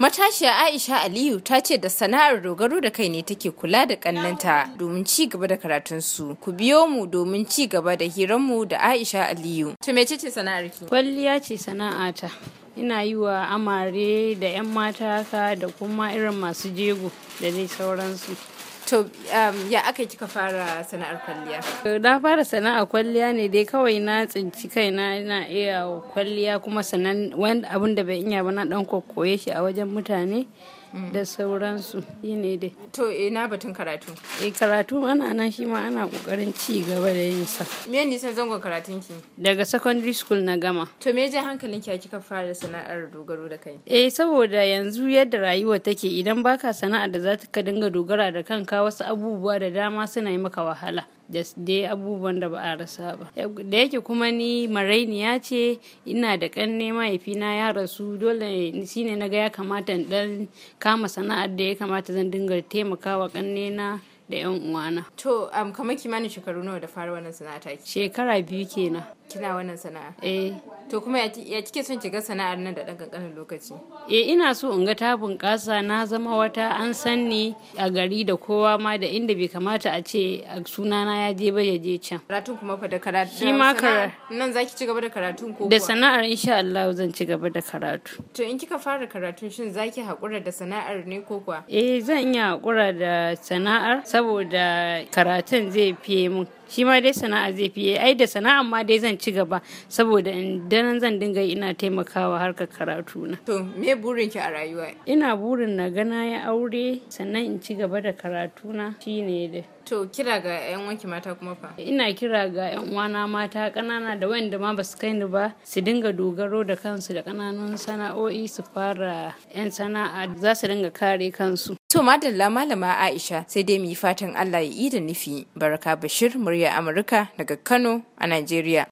Matashiya Aisha Aliyu ta ce da sana'ar dogaro da kai ne take kula da kannanta domin ci gaba da karatunsu. Ku biyo mu domin ci gaba da hiranmu da Aisha Aliyu. To me ce sana'ar ki? Kwalliya ce sana'ata. Ina yi wa amare da 'yan mata ka da kuma irin masu jego da dai sauransu. To um, ya aka kika fara sana'ar kwalliya? Na fara sana'a kwalliya ne dai kawai na tsinci kaina na iya kwalliya kuma sanan abin da bai iya ba na ɗan koyo shi a wajen mutane. da sauransu ne dai to ina batun karatu e karatu ana nan shi ma ana kokarin ci gaba da yin sa me nisan zangon karatun ki daga secondary school na gama to me je hankalin ki kika fara sana'ar dogaro da kai eh saboda yanzu yadda rayuwa take idan baka sana'a da za ka dinga dogara da kanka wasu abubuwa da dama suna yi maka wahala da dai abubuwan da ba a rasa ba da yake kuma ni marainiya ce ina da ƙanne mahaifina ya rasu dole shi ne na ga ya kamata in dan kama sana'ar da ya kamata zan dinga taimakawa kannena da yan uwana to um, kamar kimanin shekaru nawa da fara wannan sana'a ke. shekara biyu kenan kina wannan sana'a eh to kuma ya kike son ki ga sana'ar nan da ɗan ƙanƙanin lokaci eh ina so in ga ta bunƙasa na zama wata an san ni a gari da kowa ma da inda bai kamata a ce a sunana ya je ba ya je can karatun kuma fa da karatu shi ma nan zaki ci gaba da karatun ko da sana'ar insha Allah zan ci gaba da karatu to in kika fara karatun shin zaki haƙura da sana'ar ne ko kuwa eh zan iya haƙura da sana'ar saboda karatun zai fiye min shi ma dai sana'a zai fiye ai da sana'a ma dai zan ci gaba saboda idan zan dinga ina taimakawa harkar karatu na to me burin ki a rayuwa ina burin na gana ya aure sannan in ci gaba da karatu na shine dai To kira ga 'yan wanki mata kuma fa? Ina kira ga 'yan uwana mata ƙanana da wanda ma basu kai ni ba su dinga dogaro da kansu da ƙananan sana'o'i su fara 'yan sana'a za su dinga kare kansu. To madalla malama Aisha sai dai mu yi fatan Allah ya yi da nufi. Baraka Bashir murya Amurka daga Kano a nigeria.